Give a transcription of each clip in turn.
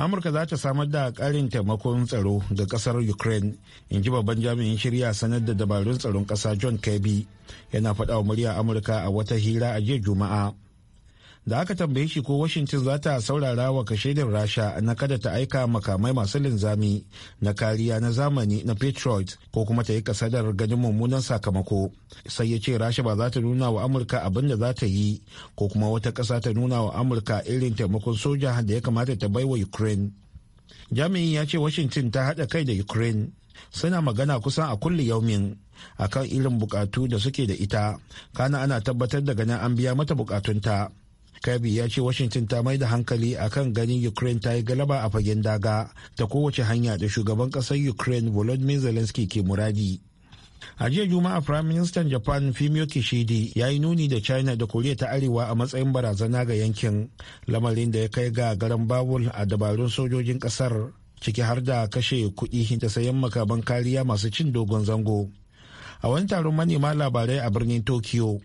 amurka za ta samar da karin taimakon tsaro ga kasar ukraine in ji babban jami'in shirya sanar da dabarun tsaron kasa john kirby yana faɗa wa murya amurka a wata hira a jiya juma'a da aka tambaye shi ko washington za ta saurara wa kashedin rasha na kada ta aika makamai masu linzami na kariya na zamani na patriot ko kuma ta yi kasadar ganin mummunan sakamako sai ya ce rasha ba za ta nuna wa amurka abin da za ta yi ko kuma wata ƙasa ta nuna wa amurka irin taimakon soja da ya kamata ta baiwa ukraine jami'in ya ce washington ta haɗa kai da ukraine suna magana kusan a kulli yaumin akan irin bukatu da suke da ita kana ana tabbatar da ganin an biya mata bukatunta Kirby ya ce Washington ta mai da hankali akan ganin Ukraine ta yi galaba a fagen daga ta kowace hanya da shugaban kasar Ukraine Volodymyr Zelensky ke muradi. A jiya Juma'a Prime Minister Japan Fumio Kishidi ya yi nuni da China da Koriya ta Arewa a matsayin barazana ga yankin, lamarin da ya kai ga garan Babul a dabarun sojojin kasar ciki har da kashe kuɗi da sayan makaban kariya masu cin dogon zango. a wani taron manema labarai a birnin tokyo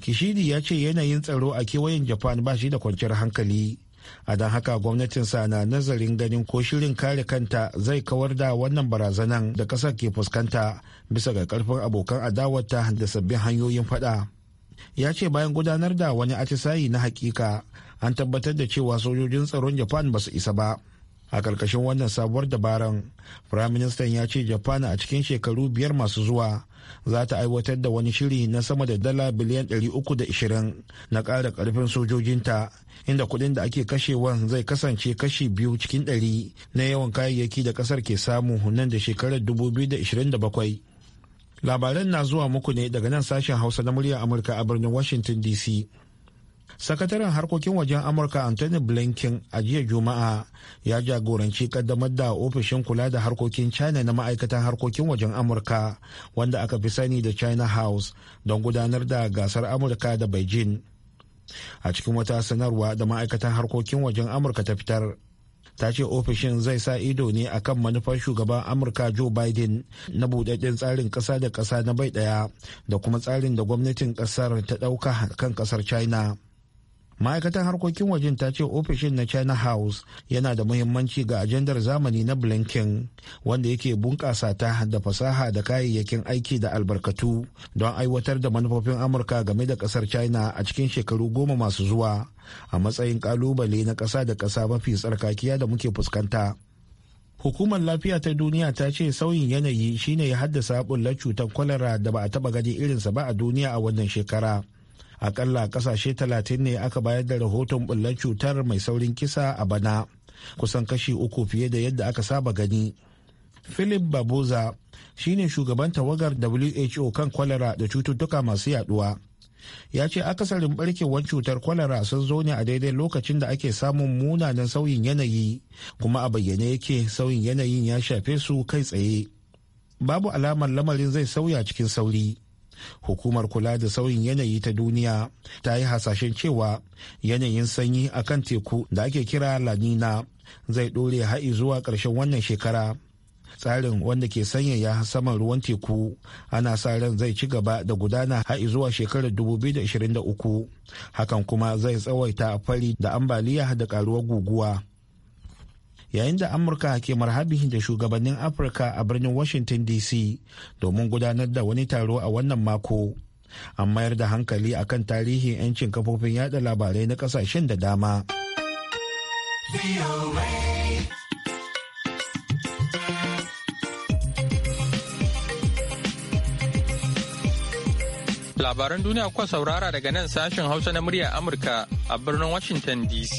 kishidi ya ce yanayin tsaro a kewayen japan ba shi da kwanciyar hankali a don haka gwamnatinsa na nazarin ganin ko shirin kare kanta zai kawar da wannan barazanan da ƙasa ke fuskanta bisa ga karfin abokan adawarta da sabbin hanyoyin fada ya ce bayan gudanar da wani atisayi na hakika an tabbatar da cewa sojojin tsaron japan ba su isa ba a ƙarƙashin wannan sabuwar dabaran firaministan ya ce japan a cikin shekaru biyar masu zuwa za ta aiwatar da wani shiri na sama da dala biliyan 320 na ƙara ƙarfin sojojinta inda kuɗin da ake kashewan zai kasance kashi biyu cikin ɗari na yawan kayayyaki da ƙasar ke samu nan da shekarar 2027 labaran na zuwa muku ne daga nan sashen hausa na murya amurka a birnin washington dc sakataren harkokin wajen amurka anthony blinken a jiya juma'a ya jagoranci kaddamar da ofishin kula da harkokin china na ma'aikatan harkokin wajen amurka wanda aka fi sani da china house don gudanar da gasar amurka da beijing a cikin wata sanarwa da ma'aikatan harkokin wajen amurka ta fitar ta ce ofishin zai sa ido ne akan manufar shugaban amurka joe biden na budaden tsarin kasa da kasa na bai daya da kuma tsarin da gwamnatin ƙasar ta dauka kan ƙasar china ma'aikatan harkokin wajen ta ce ofishin na china house yana da muhimmanci ga ajandar zamani na blinken wanda yake bunkasa ta da fasaha da kayayyakin aiki da albarkatu don aiwatar da manufofin amurka game da kasar china a cikin shekaru goma masu zuwa a matsayin kalubale na kasa da kasa mafi tsarkakiya da muke fuskanta hukumar lafiya ta duniya ta ce sauyin yanayi shine ya haddasa bullar cutar kwalara da ba a taba gani irinsa ba a duniya a wannan shekara akalla kasashe 30 ne aka bayar da rahoton bullar cutar mai saurin kisa a bana kusan kashi uku fiye da yadda aka saba gani philip babuza shine shugaban tawagar who kan kwalara da cututtuka masu yaduwa ya ce akasarin barkewar cutar kwalara sun zo ne a daidai lokacin da ake samun munanan sauyin yanayi kuma a bayyane yake sauyin yanayin ya shafe su kai tsaye babu alamar lamarin zai sauya cikin sauri hukumar kula da sauyin yanayi ta duniya ta yi hasashen cewa yanayin sanyi a kan teku da ake kira lanina zai ɗore ha'i zuwa ƙarshen wannan shekara tsarin wanda ke sanyaya saman ruwan teku ana sa ran zai ci gaba da gudana ha'i zuwa shekarar 2023 hakan kuma zai tsawaita fari da ambaliya da karuwar guguwa yayin da amurka ke marhabi da shugabannin afirka a birnin washington dc domin gudanar da wani taro a wannan mako an mayar da hankali akan tarihin 'yancin kafofin yada labarai na kasashen da dama labaran duniya kuwa saurara daga nan sashen hausa na murya amurka a birnin washington dc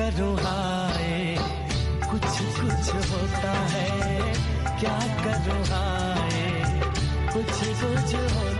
करूँ हाय कुछ कुछ होता है क्या करूँ हाय कुछ कुछ होता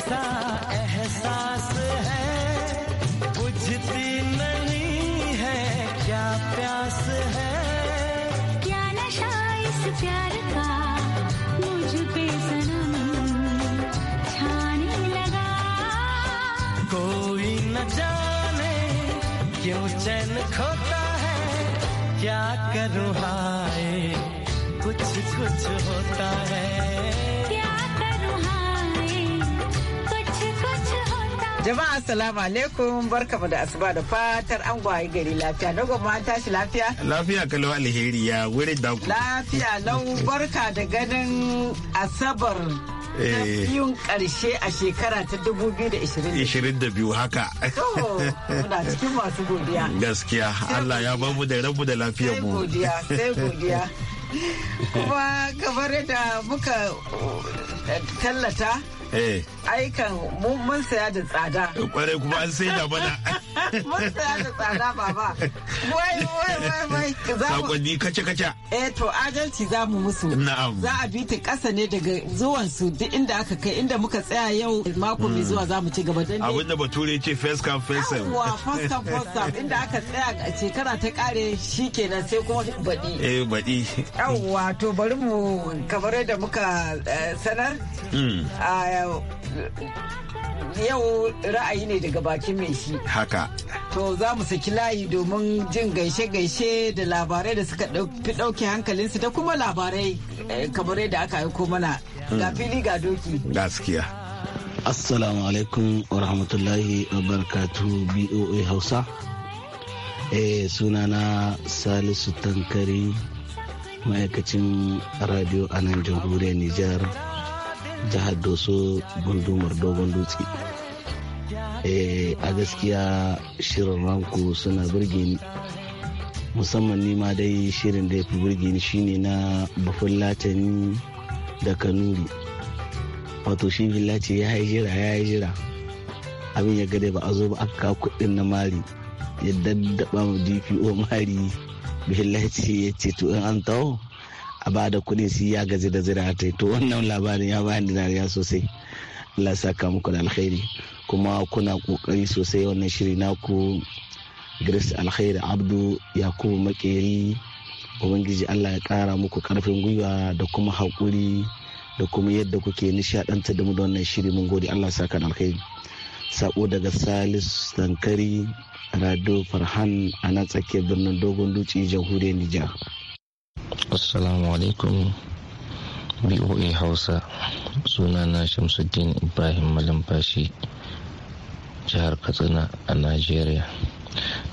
कैसा एहसास है बुझती नहीं है क्या प्यास है क्या नशा इस प्यार का मुझ पे सनम छाने लगा कोई न जाने क्यों चैन खोता है क्या करूँ हाय कुछ कुछ होता है Jama'a salama alaikum barkamu da asuba da fatar an gwaye gari lafiya. Na goma an tashi lafiya? Lafiya kalo alheri ya wuri da ku. Lafiya lau barka da ganin asabar na eh. biyun karshe a shekara ta 2022. 22 haka. Muna cikin masu godiya. Gaskiya Allah ya mu da rabu da lafiya. mu. Sai godiya, sai godiya. Kuma kamar da muka tallata. Eh. aikan mun saya da tsada kwarai kuma an sai da mana Mun saya da tsada baba. Wai wai wai wai. Sakonni kace kace. Eh to adalci za mu musu. Na'am. Za a bi ta ƙasa ne daga zuwan su duk inda aka kai inda muka tsaya yau mako mai mm. zuwa za mu ci gaba da Abin da bature ce first come first serve. Wa first come first serve inda aka tsaya a shekara ta kare shikenan sai kuma baɗi. Eh baɗi. Yawwa to bari mu kamar da muka eh, sanar. Mm. Ah, yau ra'ayi ne daga bakin mai shi. Haka. To za mu saki layi domin jin gaishe-gaishe da labarai da suka fi ɗauke hankalinsu da kuma labarai eh, kamar yadda aka aiko mana ga hmm. fili ga doki. Gaskiya. Assalamu alaikum wa rahmatullahi wa barakatu BOA Hausa. Eh sunana Salisu Tankari ma'aikacin radio a nan jamhuriyar Nijar. jihar doso gundumar dogon dutse eh, a gaskiya shirin ranku suna birge ni musamman nima dai shirin da ya fi birge ni shine na bafin latani da kanuri wato shi fillace ya yi jira ya yi jira abin ya gade ba a zo ba aka kuɗin na mari ya daddaba ma dpo mari billahi ya ce to an tawo a ba da kuɗi su ya gaji da zira ta to wannan labarin ya bayan da dariya sosai Allah saka muku da alkhairi kuma kuna kokari sosai wannan shiri naku Grace Alkhairi Abdu Yakubu Makeri Ubangiji Allah ya kara muku karfin gwiwa da kuma haƙuri da kuma yadda kuke nishadantar da mu da wannan shiri mun gode Allah saka da alkhairi sako daga Salisu Tankari Rado Farhan a nan tsakiyar birnin Dogon dutse jamhuriyar Nijar. assalamu alaikum boa hausa sunana shamsuddin ibrahim malamfashi jihar katsina a Najeriya,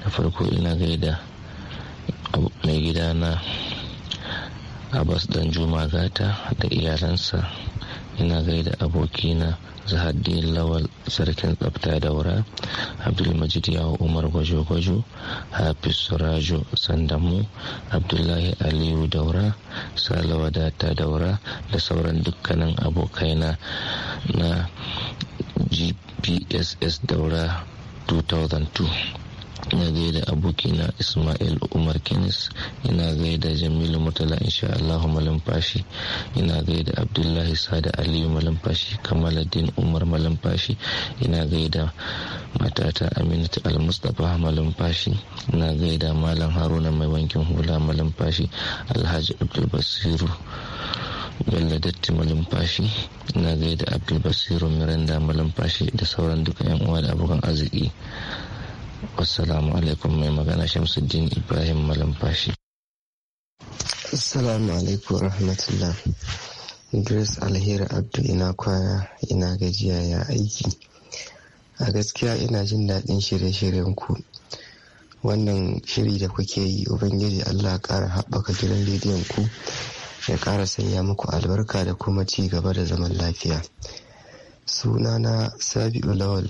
da farko ina gaida mai gida na abbas dan juma gata da iyalansa ina gaida abokina zahaddin lawal sarkin tsafta daura abdulmajid yawo umar gwajo-gwajo hafiz surajo sandamu abdullahi aliyu daura salawa data daura da sauran dukkanin abokaina na gpss daura 2002 ina gaida abokina ismail umar kenis ina gaida jamilu murtala insha allahu malumfashi ina gaida abdullahi sada aliyu malumfashi kamaladin umar malumfashi ina gaida matata aminatu almustapha malumfashi ina gaida malam haruna mai wankin hula malumfashi alhaji abdulbasiru bella datti malumfashi ina gaida abdulbasiru miranda malumfashi da sauran duka yan uwa da abokan arziki Assalamu alaikum mai magana Shamsuddin Ibrahim Malamfashi. Assalamu alaikum rahmatullah. Grace Alheri Abdu ina kwaya, ina gajiya ya aiki. A gaskiya ina jin daɗin shirye-shiryen ku. Wannan shiri da kuke yi Ubangiji Allah ƙara haɓaka gidan rediyon ku ya ƙara sanya muku albarka da kuma ci gaba da zaman lafiya. Sunana Sabi'u Lawal.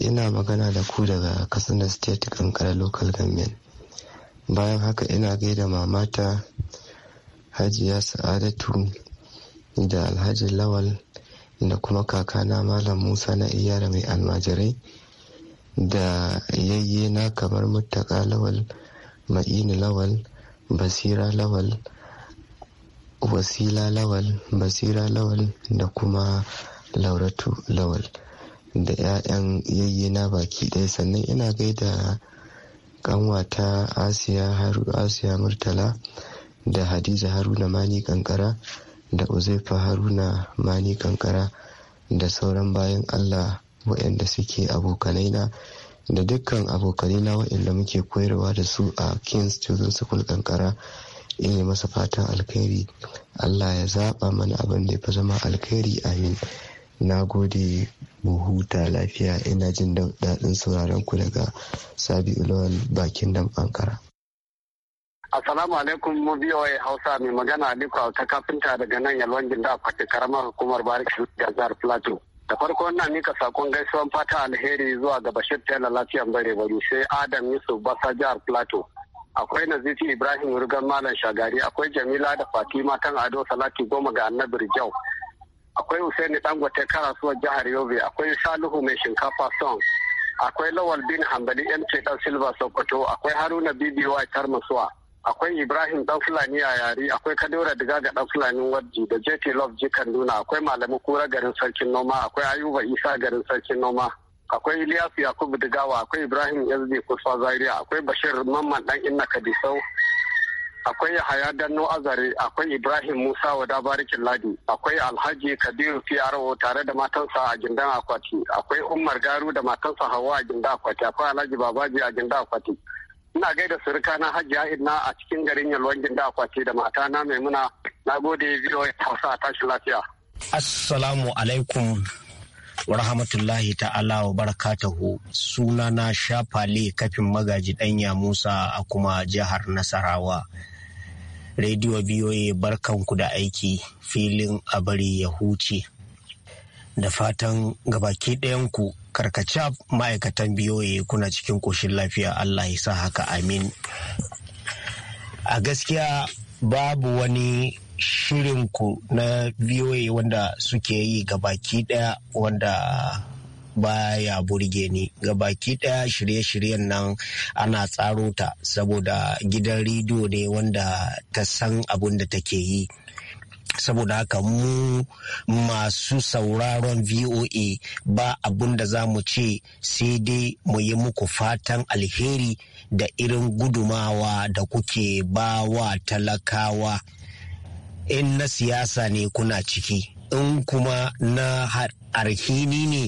ina magana da ku daga katsina state kankara local government bayan haka ina gaida mamata hajiya sa'adatu da alhaji lawal da kuma kakana malam musa na iyara mai almajirai da yayye na kamar mutaka lawal ma'ini lawal basira lawal wasila lawal basira lawal da kuma lauratu lawal da 'ya'yan yayyena baki ɗaya sannan ina gaida kanwata asiya haru asiya murtala da hadiza haruna mani kankara da uzaifa haruna mani kankara da sauran bayan allah waɗanda suke abokanaina da dukkan abokanaina waɗanda muke koyarwa da su a king's children school kankara ina masa fatan alkhairi allah ya zaɓa mana abin da ya fi zama alkhairi amin na gode mu huta lafiya ina jin daɗin sauraron ku daga sabi ulawal bakin dam ankara Assalamu alaikum mu biyoyi Hausa mai magana Aliko ta kafinta daga nan Yalwan a kwace karamar hukumar Bariki da Jihar Plateau. Da farko na mika sakon gaisuwan fata alheri zuwa ga Bashir Tela lafiyan bare bari sai Adam Yusuf Basa Jihar Plateau. Akwai Nazifi Ibrahim Rugan Malam Shagari, akwai Jamila da Fatima kan Ado Salati Goma ga Annabi Rijau. akwai Hussein Dangote Karasuwar jihar Yobe, akwai Salihu mai shinkafa song, akwai Lawal bin Hambali MC Dan Silva Sokoto, akwai Haruna BBY Tarmasuwa, akwai Ibrahim Dan Fulani a yari, akwai Kadora Diga ga Dan Fulani Warji da JT Love Jikan Duna, akwai Malamu Kura garin Sarkin Noma, akwai Ayuba Isa garin Sarkin Noma. akwai Ilyasu Yakubu Digawa, akwai Ibrahim Yazdi Kusa Zaria, akwai Bashir Mamman Dan Inna Kadisau, akwai Yahaya Danno Azare, akwai Ibrahim Musa Wada Barikin Ladi, akwai Alhaji Kabiru Fiyarwo tare da matansa a gindan akwati, akwai Umar Garu da matansa Hawa a gindan akwati, akwai Alhaji Babaji a gindan akwati. Ina gaida surka na Hajiya Idna a cikin garin Yalwan gindan akwati da mata na Maimuna. Na gode VOA Hausa a tashi lafiya. Assalamu alaikum wa rahmatullahi ta'ala wa barakatuhu sunana shafale kafin magaji danya musa a kuma jihar nasarawa rediyo voa barkanku da aiki filin a bari ya huce da fatan gabaki ɗayanku karkacaf ma'aikatan voa kuna cikin ƙoshin lafiya allah ya sa haka amin a gaskiya babu wani shirinku na voa wanda suke yi gabaki ɗaya wanda baya burge ni Ga baki daya shirye-shiryen nan ana tsaro ta saboda gidan rediyo ne wanda ta san abin da take yi saboda haka mu masu sauraron voa ba abun da za mu ce sai dai mu yi muku fatan alheri da irin gudumawa da kuke ba wa talakawa in na siyasa ne kuna ciki in kuma na arhini ne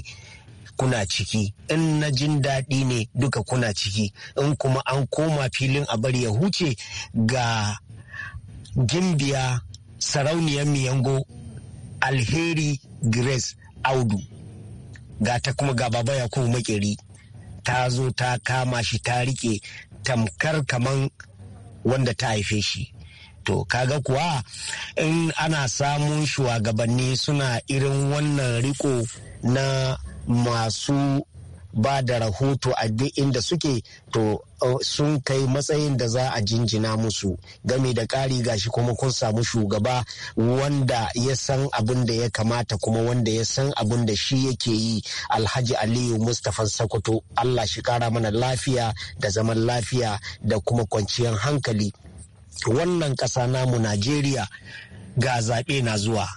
kuna ciki in na jin daɗi ne duka kuna ciki in kuma an koma filin a bari ya huce ga gimbiya sarauniyar miyango alheri grace audu ga ta kuma ga baba ya kuma makeri ta zo ta kama shi ta rike tamkar kaman wanda ta haife shi to kaga kuwa in ana samun shugabanni suna irin wannan riko na masu ba da rahoto a duk inda suke to uh, sun kai matsayin da za a jinjina musu game da ƙari gashi kuma kun samu shugaba wanda ya san abin da ya kamata kuma wanda ya san abin da shi yake yi alhaji aliyu mustapha Sakoto. allah shi kara mana lafiya da zaman lafiya da kuma kwanciyar hankali wannan ƙasa namu najeriya ga zaɓe na zuwa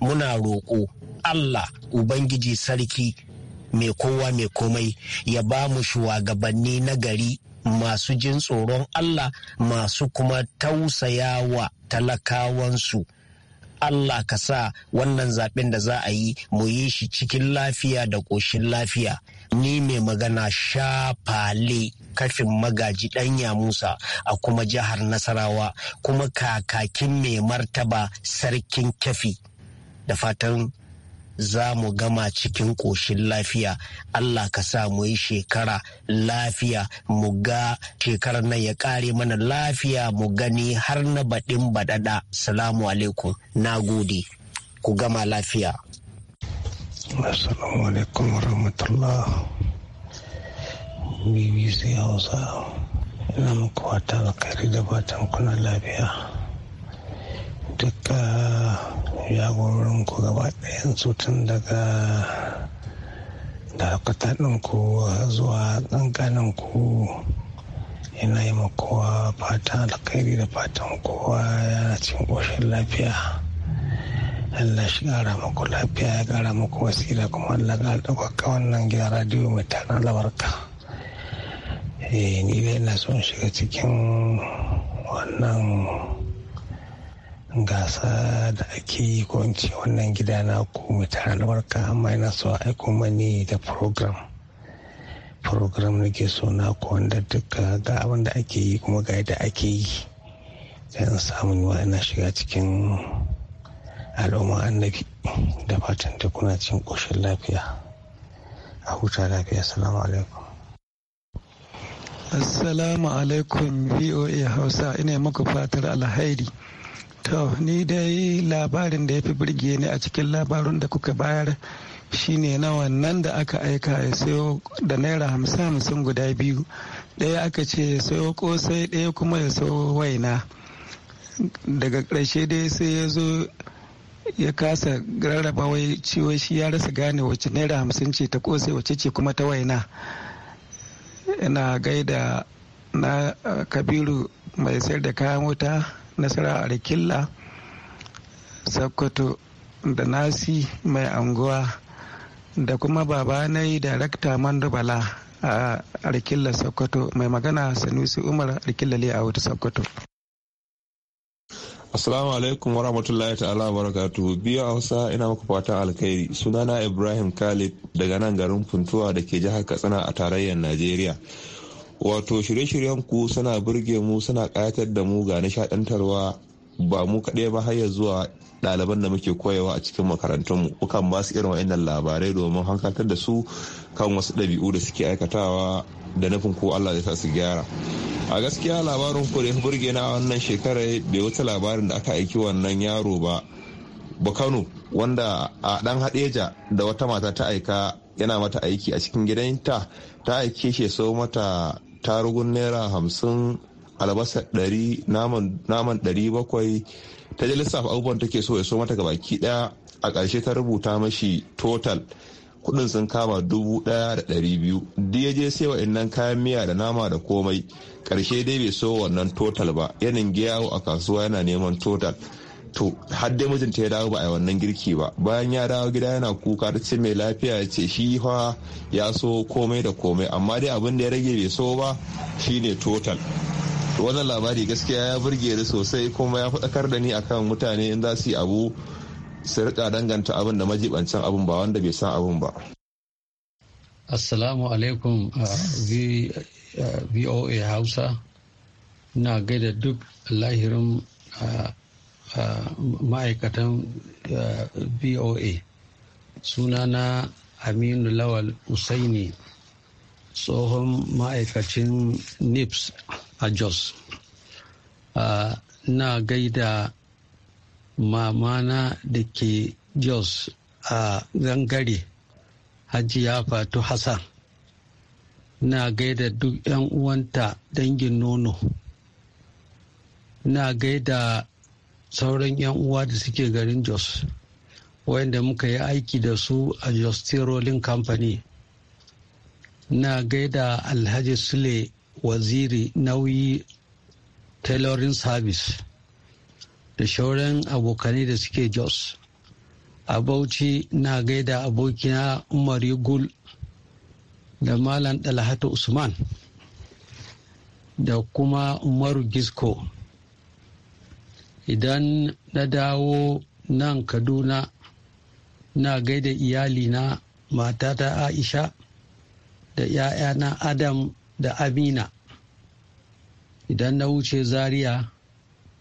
muna roƙo allah ubangiji sarki mai kowa mai komai ya ba mu shugabanni na gari masu jin tsoron Allah masu kuma tausaya tausayawa talakawansu. Allah ka sa wannan zaɓen da za a yi mu yi shi cikin lafiya da ƙoshin lafiya. Ni mai magana shafale kafin magaji ɗanya Musa a kuma jihar Nasarawa kuma kakakin mai martaba sarkin kafi. Da fatan za mu gama cikin ƙoshin lafiya Allah ka sa mu yi shekara lafiya mu ga shekarar nan ya ƙare mana lafiya mu gani har na baɗin baɗaɗa salamu alaikum na gode ku gama lafiya assalamu alaikum rahmatullah bbc hausa ina muku wata kari da batan kuna lafiya duka gurin ku gaba ɗayan su tun daga dakata ɗin zuwa ƙanƙanin ku yana yi kowa fatan alkhairi da fatan kowa yana cikin ƙoshin lafiya Allah shi ƙara muku lafiya ya ƙara muku wasila kuma Allah ga ɗaukaka wannan gida radiyo mai taron labarka eh, ni dai na son shiga cikin wannan gasa da ake yi ko ce wannan gida na ku mai tara barka amma yana so aiko mani da program program na ke so na ku wanda duka ga abin da ake yi kuma ga yadda ake yi don samun wa ina shiga cikin al'umma annabi da fatan da kuna cin koshin lafiya a huta lafiya salamu alaikum assalamu alaikum voa hausa ina maka fatar alhairi To, ni dai labarin da ya fi birge ni a cikin labarun da kuka bayar shine na wannan da aka aika ya sayo da naira hamsin hamsin guda biyu. Ɗaya aka ce ya sayo kosai ɗaya kuma ya sayo waina. Daga ƙarshe dai sai ya zo ya kasa rarraba wai ciwo shi ya rasa gane wacce naira hamsin ce ta kosai wacce ce kuma ta waina. Ina gaida na eh, kabiru mai sayar da kayan wuta nasara a rikilla sokoto da nasi mai anguwa da kuma baba na yi darakta mandubala a rikilla sokoto mai magana sanusi umar rikilla le a sokoto Assalamu alaikum warahmatullahi ta'ala barakatu biyu Hausa ina muku fatan alkhairi sunana Ibrahim Khalid daga nan garin Funtuwa da ke jihar Katsina a tarayyar Najeriya. wato shirye-shiryen ku suna burge mu suna kayatar da mu ga nishaɗantarwa ba mu kaɗai ba har zuwa ɗaliban da muke koyawa a cikin makarantunmu kukan ba su irin wa'annan labarai domin hankaltar da su kan wasu ɗabi'u da suke aikatawa da nufin ko Allah zai sa su gyara a gaskiya labarin ku da ya burge na wannan shekarar bai wuce labarin da aka aiki wannan yaro ba bakano wanda a dan hadeja da wata mata ta aika yana mata aiki a cikin gidanta ta aike shi so mata tarugun naira hamsin albasa ɗari naman ɗari bakwai ta ji lissafi abubuwan take so ya so mata ga baki ɗaya a ƙarshe ta rubuta mashi total kuɗin sun kama dubu ɗaya da ɗari biyu duk je sai wa'annan kayan miya da nama da komai ƙarshe dai bai so wannan total ba yanin giyawo a kasuwa yana neman total to har dai mijinta ya dawo ba a wannan girki ba bayan ya dawo gida yana kuka ta ce mai lafiya ya ce shi fa ya so komai da komai amma dai abin da ya rage bai so ba shine total wannan labari gaskiya ya burge ni sosai kuma ya faɗakar da ni akan mutane in za su yi abu su rika danganta abin da majibancin abin ba wanda bai san abin ba assalamu alaikum uh, voa uh, hausa na gaida duk lahirin uh, Uh, ma'aikatan uh, voa sunana aminu lawal usaini tsohon ma'aikacin nips a jos uh, na gaida mamana da ke jos a gangare hajiya fatu hassan na gaida duk 'yan uwanta dangin nono na gaida sauran 'yan uwa da suke garin jos wayanda muka yi aiki da su a jos tirolin company na gaida alhaji sule waziri nauyi tailoring service da shauran abokanai da suke jos a bauchi na gaida abokina umar gul da malam dalhatu usman da kuma umaru gisko idan na dawo nan kaduna na gaida iyalina matata aisha da 'ya'yana adam da amina idan na wuce zaria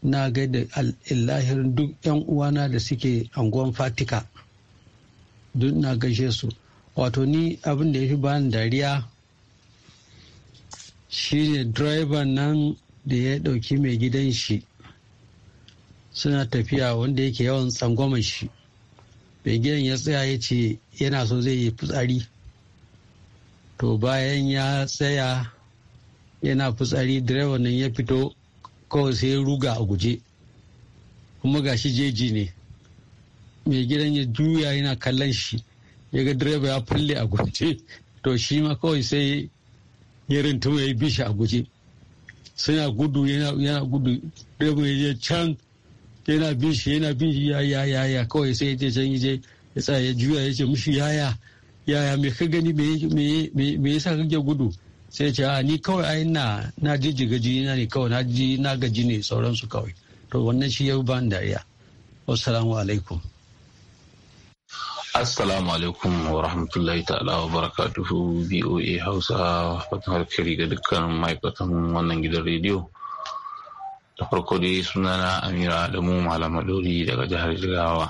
na gaida al'illahirin duk 'yan uwana da suke anguwan fatika duk na gaishe su wato ni abin da ya fi bani dariya shi ne direban nan da ya ɗauki mai gidan shi suna tafiya wanda yake yawan tsangwamar shi mai gidan ya tsaya ya ce yana so zai yi fitsari to bayan ya tsaya yana fitsari direban nan ya fito kawai sai ya ruga a guje kuma ga shi jeji ne mai gidan ya juya yana kallon shi ya ga direba ya fulle a guje to shi ma kawai sai ya rintuma ya bi shi a guje suna gudu yana gudu direba ya je can yana bin shi yana bin shi yaya yaya kawai sai ya can je ya sa ya juya ya ce mushi yaya yaya me ka gani me yasa kake gudu sai ce a ni kawai ai na na gaji na ne kawai na ji na gaji ne sauransu kawai to wannan shi ya ba dariya assalamu alaikum assalamu alaikum wa rahmatullahi ta'ala wa barakatuhu boa hausa fatan harkari ga dukkan ma'aikatan wannan gidan rediyo da farko dai sunana amira adamu malama dori daga jihar jigawa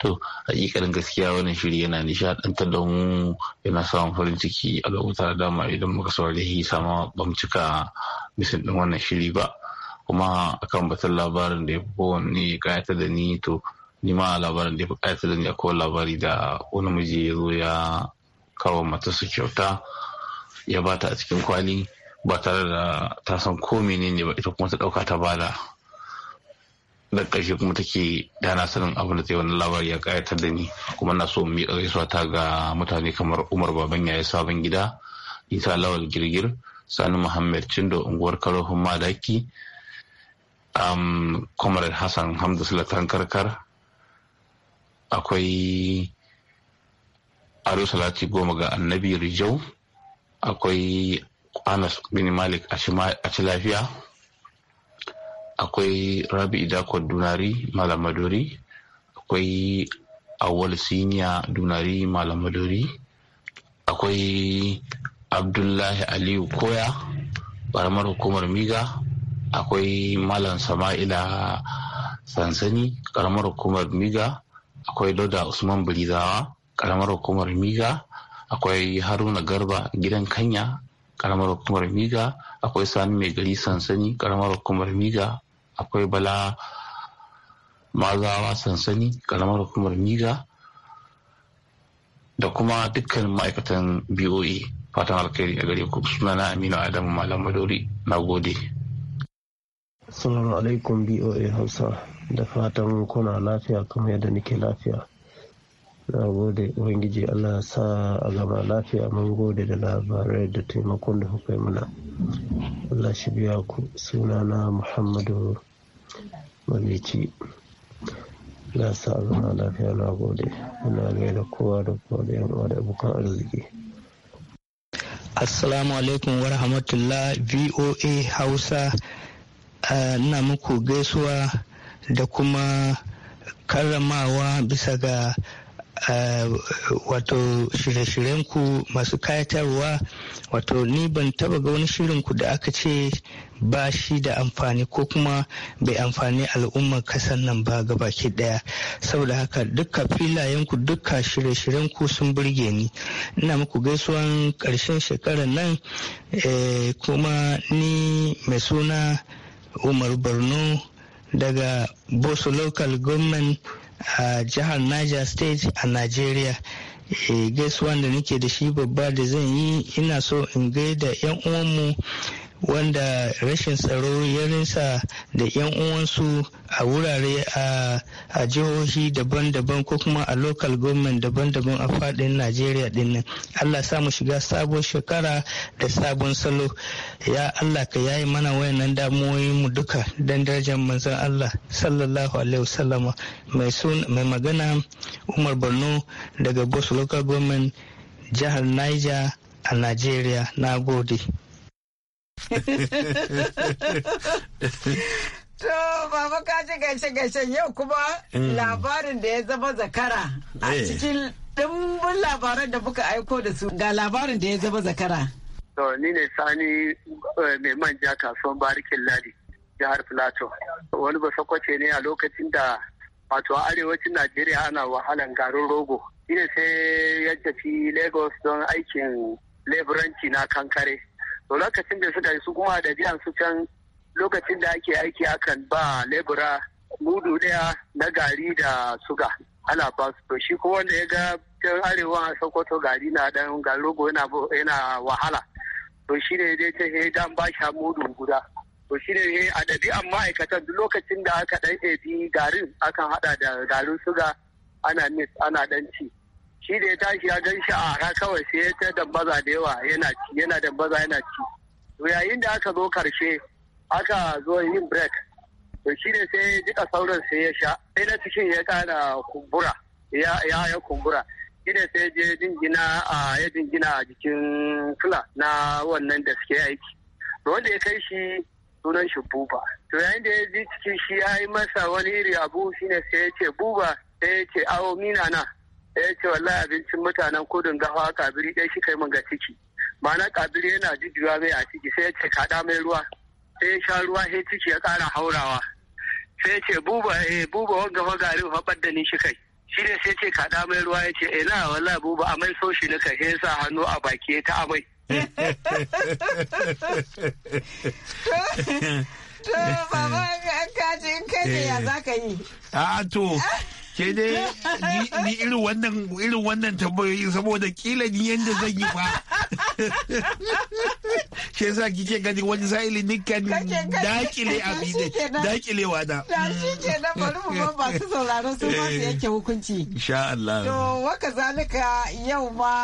to hakikalin gaskiya wannan shiri yana nishadantar da mu yana samun farin ciki a lokuta da dama idan muka saurari sama cika misin din wannan shiri ba kuma akan batun labarin da ya fi kowanne da ni to ni ma labarin da ya fi kayatar da ni akwai labari da wani miji ya zo ya kawo matarsa kyauta ya bata a cikin kwali ba tare da ta san ko menene ba ita kuma ta dauka ta bada da ƙarshe kuma take dana sanin abin da zai wani labari ya kayatar da ni kuma na so mi gaisuwa ta ga mutane kamar umar baban yaya sabon gida isa lawal girgir sani muhammad cindo unguwar karofin madaki um, comrade hassan hamdu sulatan karkar akwai ado salati goma ga annabi rijau akwai anas bin malik a ci lafiya akwai rabi idako dunari malam akwai awal siniya dunari malam akwai abdullahi aliyu koya ƙaramar hukumar miga akwai malam sama'ila sansani ƙaramar hukumar miga akwai dauda usman bulizawa ƙaramar hukumar miga akwai haruna garba gidan kanya karamar hukumar miga akwai sani mai gari sansani karamar hukumar miga akwai bala mazawa sansani karamar hukumar miga da kuma dukkan ma'aikatan boe fatan alkhairi a gare ku sunana aminu adamu malam madori na gode assalamu alaikum boa hausa da fatan kuna lafiya kuma yadda nake lafiya na gode ubangiji allah sa a gaba lafiya mun gode da labarai da taimakon da hukai allah shi biya ku suna na muhammadu malici na sa a gaba lafiya na gode muna da kowa da kowa da yan uwa da abokan arziki assalamu alaikum wa rahmatullah voa hausa eh, ina muku gaisuwa da kuma karramawa bisa ga Eh, wato shirye-shiryenku masu kayatarwa wato ni ban taba ga wani shirinku da aka ce ba shi da amfani ko kuma bai amfani al'ummar kasar nan ba baki daya saboda haka dukka filayenku dukka shirye-shiryenku sun burge ni ina muku gaisuwan karshen shekarar nan eh, kuma ni mai suna umar borno daga boso local government a jihar niger state a nigeria eh, gaisuwan da nake da shi babba da zan yi ina so in gaida 'yan uwanmu wanda rashin tsaro ya resa da 'yan uwansu a wurare a jihohi daban-daban ko kuma a local government daban-daban a fadin najeriya dinnan allah samu shiga sabon shekara da sabon salo ya allah ka yayi mana wayannan mu duka don darajar manzon allah sallallahu alaihi wasallama mai magana umar borno daga bus local government jihar niger a najeriya na gode To, baba ka ci gaishe-gaishen yau kuma hmm. labarin da ya zama zakara a eh. cikin ɗimbin labaran da muka aiko da su ga labarin da ya zama zakara. To, ni ne sani eh, mai manja kasuwan barikin ladi jihar Filato. Wani ba sakwace ne a lokacin da wato a arewacin Najeriya ana wahalan garin rogo. Ni ne sai ya tafi Lagos don aikin leburanci na kankare. to lokacin da suka yi su kuma da biyan su can lokacin da ake aiki akan ba lebura mudu daya na gari da suga ana ba su to shi ko wanda ya ga can arewa a sokoto gari na dan garogo yana wahala to shi ne dai ta dan ba sha mudu guda to shi ne a ɗabi'an ma'aikatan duk lokacin da aka ɗan ebi garin akan haɗa da garin suga ana mis ana dan ci shi da ya tashi ya gan shi a ha kawai sai ya ta dabbaza da yawa yana ci yana dabbaza yana ci to yayin da aka zo karshe aka zo yin break to shi ne sai jika sauran sai ya sha sai na cikin ya kana kumbura ya ya kumbura shi ne sai je jingina a ya jingina a jikin fula na wannan da suke aiki to wanda ya kai shi sunan shi buba to yayin da ya ji cikin shi ya yi masa wani iri abu shine sai ya ce buba sai ya ce awo mina na ya eh, ce wallahi abincin mutanen kudin gawa kabiri ɗaya shi kai mun ga ciki ma'ana kabiri yana jujjuwa mai a ciki sai ya ce kaɗa mai ruwa sai ya sha ruwa sai ciki ya ƙara haurawa sai ya ce buba eh buba wanga fa garin fa da ni shi kai shi ne sai ce kaɗa mai ruwa ya ce eh na wallahi buba amai so shi na kai sai sa hannu a baki ta amai to baba ka ce kai ne ya zaka yi a to ke dai ni irin wannan irin wannan tambayoyi saboda kila ni yanda zan yi fa ke sa kike gani wani sa'ili nikan dakile a bide dakile wa da shi ke na bari mu ba ba su sauraro su ba eh. su yake hukunci insha Allah to waka zalika yau ma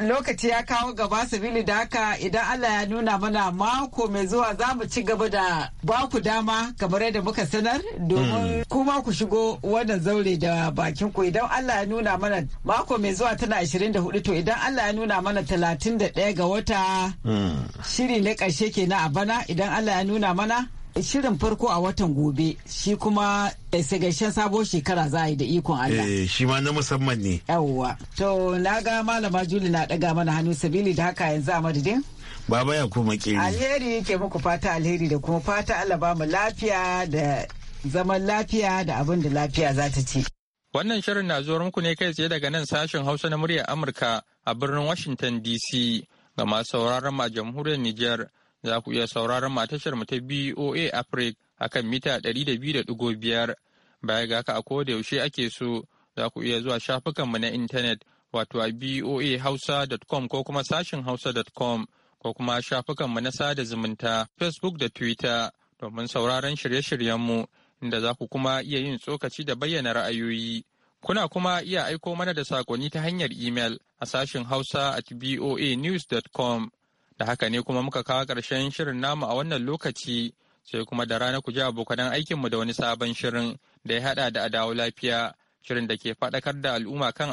lokaci ya kawo gaba sabili da haka idan Allah ya nuna mana mako mai zuwa za mu ci gaba da baku dama kamar yadda muka sanar domin hmm. kuma ku shigo wannan zaure da bakin ku idan Allah ya nuna mana mako mai zuwa tana 24 to idan Allah ya nuna mana 31 ga wata hmm. shiri na karshe kenan a bana idan Allah ya nuna mana shirin farko a watan gobe shi kuma eh, gaishen sabuwar shekara za a yi da ikon Allah. Eh shi ma na musamman ne. Yawwa. To na ga malama Juli na ɗaga mana hannu sabili da haka yanzu a madadin. Baba ya kuma kiri. Alheri yake muku fata alheri da kuma fata Allah ba mu lafiya da zaman lafiya da abin da lafiya za ta ci. Wannan shirin na zuwar muku ne kai tsaye daga nan sashen Hausa na muryar Amurka a birnin Washington DC ga masu sauraron ma jamhuriyar Nijar. za ku iya sauraron tashar mu ta BOA Africa akan mita 200.5 baya ga haka a koda yaushe ake so za ku iya zuwa shafukan mu na intanet wato a boahausa.com ko kuma sashin hausa.com ko kuma shafukanmu na sada zumunta Facebook da Twitter domin sauraron shirye-shiryenmu inda za ku kuma iya yin tsokaci da bayyana ra'ayoyi. Kuna kuma iya aiko mana da saƙoni ta hanyar imel a sashin hausa at boanews.com. Da haka ne kuma muka kawo ƙarshen shirin namu a wannan lokaci sai kuma da rana ku ji abokan aikinmu da wani sabon shirin da ya haɗa da adawo lafiya shirin da ke faɗakar da al'umma kan